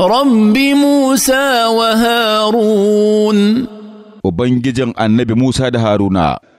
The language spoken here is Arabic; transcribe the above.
رب موسى وهارون وبنجي جن النبي موسى ده هارون